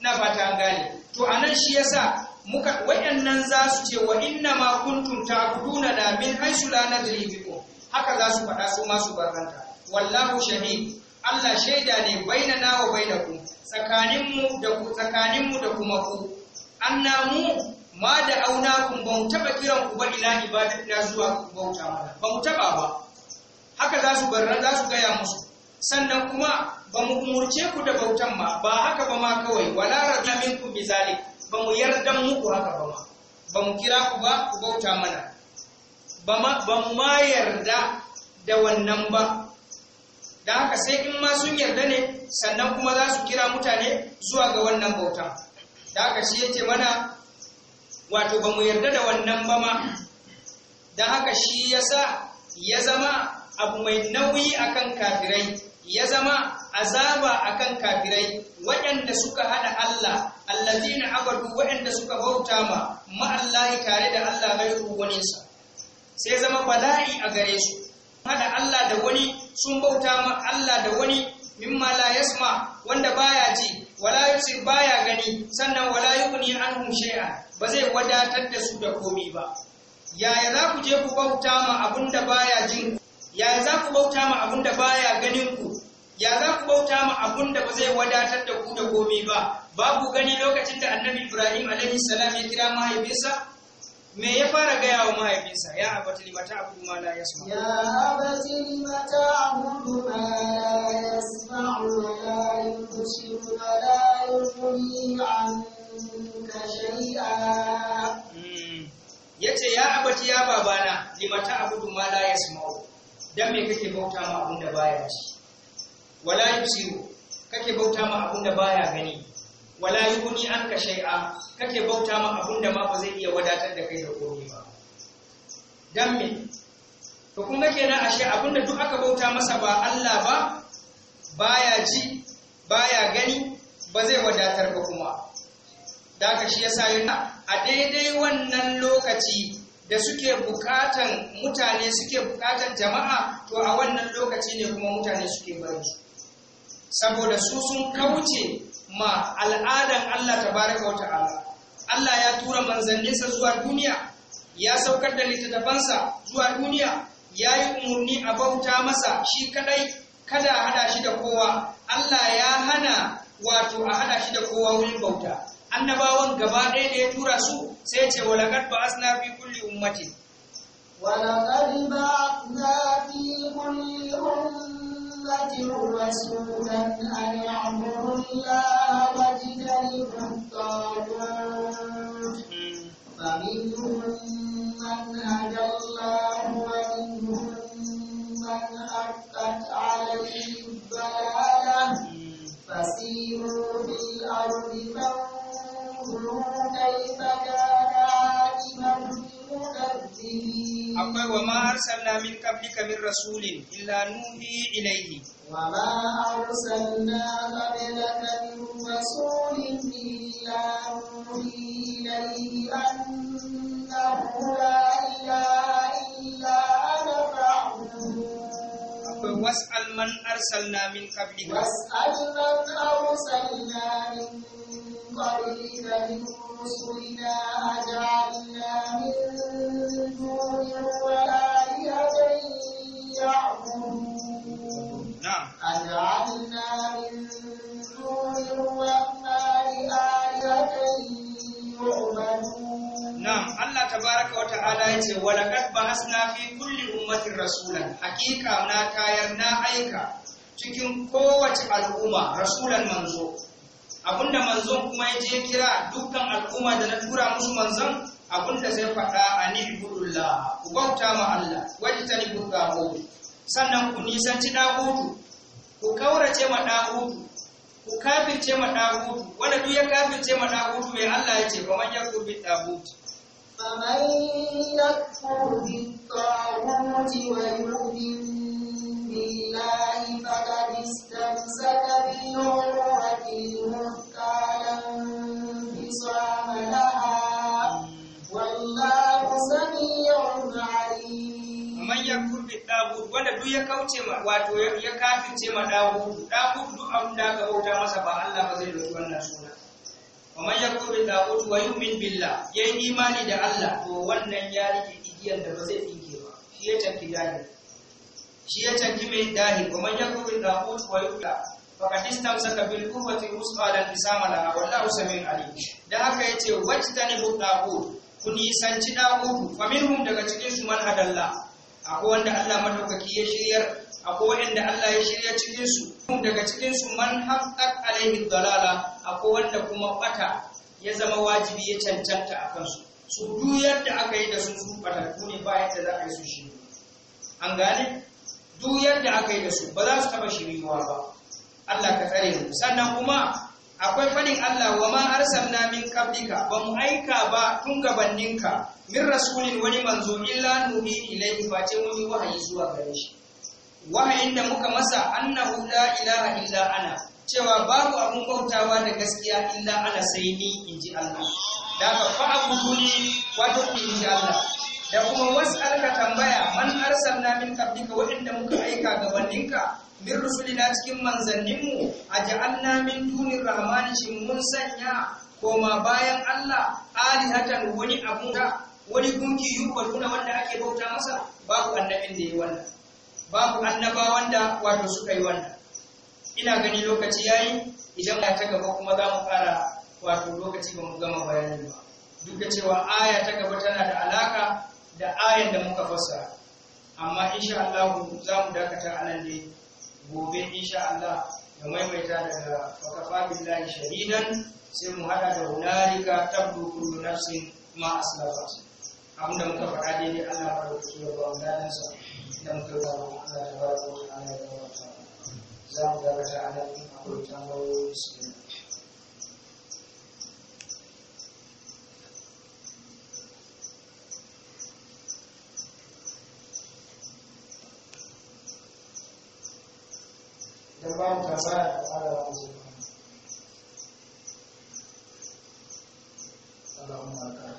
na fata an gane to anan shi yasa muka wayannan za su ce wa inna ma kuntum ta'buduna da min haisu la nadri bikum haka za su faɗa su masu barkanta wallahu shahid Allah shaida ne na wa tsakanin mu da ku tsakaninmu da kuma ku annamu ma da auna kun ba mu taba kiran ku ba ila ibadatina zuwa bauta mana ba mu taba ba haka za su barra za su gaya musu sannan kuma ba mu umurce ku da bautan ma ba haka ba ma kawai wala rabna bi zalik ba mu yardan muku haka ba ma ba mu kira ku ba ku bauta mana ba mu ma yarda da wannan ba da haka sai in ma sun yarda ne sannan kuma za su kira mutane zuwa ga wannan bauta da haka shi yake mana wato ba mu yarda da wannan ba ma da haka shi yasa ya zama abu mai nauyi akan kafirai ya zama azaba kan kafirai waɗanda suka haɗa Allah allazina abadu waɗanda suka bauta ma ma'allahi tare da Allah gairu waninsa sai zama bala'i a gare su hada Allah da wani sun bauta ma Allah da wani mimma la yasma wanda baya ji wala ba baya gani sannan wala yughni an shay'a ba zai wadatar da su da komi ba yaya za ku je ku bauta ma abin da baya jin ku? ya za ku bauta ma abin da baya ganin ku ya za ku bauta ma abin da ba zai wadatar da ku da gobe ba babu gani lokacin da annabi ibrahim alaihi salam ya kira mahaifinsa me ya fara gaya wa mahaifinsa ya abati limata abudu ma la yasma ya abati
limata abudu ma la yasma wa la yubsir wa la yughni anka shay'a
hmm. yace ya abati ya babana limata abudu ma la yasma dan me kake bauta ma abin da baya ci wala yusiru kake bauta ma abin da baya gani wala yughni anka shay'a kake bauta ma abin da ma ba zai iya wadatar da kai da komai ba dan me to kun ga kenan ashe abin da duk aka bauta masa ba Allah ba baya ji baya gani ba zai wadatar ba kuma da ka shi yasa yana a daidai wannan lokaci da suke bukatan mutane suke bukatan jama'a to a wannan lokaci ne kuma mutane suke barci saboda su sun kauce ma al'adan Allah tabaraka wa ta'ala Allah ya tura manzanninsa zuwa duniya ya saukar da littattafansa zuwa duniya ya yi umarni a bauta masa shi kadai kada a hada shi da kowa Allah ya hana wato a hada shi da kowa wurin bauta annabawan gaba ɗaya da ya tura su sai ce wala kad ba'asna fi kulli ummati
wala kad ba'asna fi kulli ummati rasulan an ya'budu allaha wa yajtanibu فمنهم من هدى الله ومنهم من حقت عليه الضلاله فسيروا في الارض فانظروا كيف كان أقول وما
أرسلنا من قبلك من رسول إلا نوحي إليه وما أرسلنا
قبلك من رسول إلا نوحي إليه أنه لا إله إلا أنا فاعبدون
واسأل من أرسلنا من قبلك واسأل
من أرسلنا من قريبا رسلنا أجعلنا من دونه آلهة يعبدون أجعلنا من دونه آلهة يعبدون Nam, Allah ta baraka wa
ta'ala ya ce, Wa laqad ba'asna fi kulli ummatin rasulan, hakika na kayar na aika cikin kowace al'umma rasulan manzo, abinda manzon kuma ya je kira dukkan al'umma da na tura musu manzon abinda zai faɗa a ni ku bauta ma Allah wani ta nibu sannan ku nisanci ɗagutu ku kaurace ma ɗagutu ku kafirce ma ɗagutu wanda duk ya kafirce ma ɗagutu mai Allah ya ce ba man yakfur bi ɗagutu
فمن يكفر بالطاغوت ويؤمن بالله فقد استمسك به العروة مثقالا بصام لها والله سميع عليم
ومن يكفر بالطاغوت wanda duk ya kauce ma wato ya kafirce ma dagudu dagudu duk abin da aka bauta masa ba Allah ba zai suna ومن يكفر بالطاغوت ويؤمن بالله yayi imani da Allah to wannan ya rike igiyan da ba zai dinke ba shi ya tafi jahili shi ya canki mai dahi ya man da hutu wa yufla faqad istamsaka bil quwwati al da lan da laha wallahu samiun ali da haka ya ce nufi da hutu ku nisanci da hutu famihun daga cikin su man hadalla akwai wanda Allah madaukaki ya shiryar akwai wanda Allah ya shirya cikin su daga cikin su man haqqat alaihi dalala akwai wanda kuma bata ya zama wajibi ya cancanta a kansu su duk yadda aka yi da su su ku ne ba yadda za a yi su shi an gane duk yadda aka yi da su ba za su taba shiriwa ba Allah ka tsare mu sannan kuma akwai fadin Allah wa ma arsalna min qablika ba mu aika ba tun gabanninka min rasulin wani manzo illa nuhi ilayhi fa ce mun yi wahayi zuwa gare shi wahayin da muka masa annahu la ilaha illa ana cewa babu abun bautawa da gaskiya illa ana sai ni inji Allah da ka abuduni wato inji Allah da kuma wasu was'alka tambaya man arsalna min qablika waɗanda muka aika wanninka min rusulina cikin manzanninmu aj'alna min dunin rahmani shin mun sanya koma bayan Allah alihatan wani abu wani gunki yubaluna wanda ake bauta masa babu annabin da yi wannan babu annabawan da wato suka yi wannan ina gani lokaci yayi idan ya ta gaba kuma za mu fara wato lokaci ba mu gama bayani ba duk da cewa aya ta gaba tana da alaka da ayan da muka fasa, amma insha Allah za mu dakata a ne gobe insha Allah da maimaita daga fakafa billahi shahidan sai mu hada da hunarika tabdu kullu nafsin ma aslafat abinda muka faɗa ne Allah ba da ya ba mu dadan sa
da muka ga Allah ta da wa ta'ala za mu dakata a nan akwai tambayoyi su ka ba mu kaza da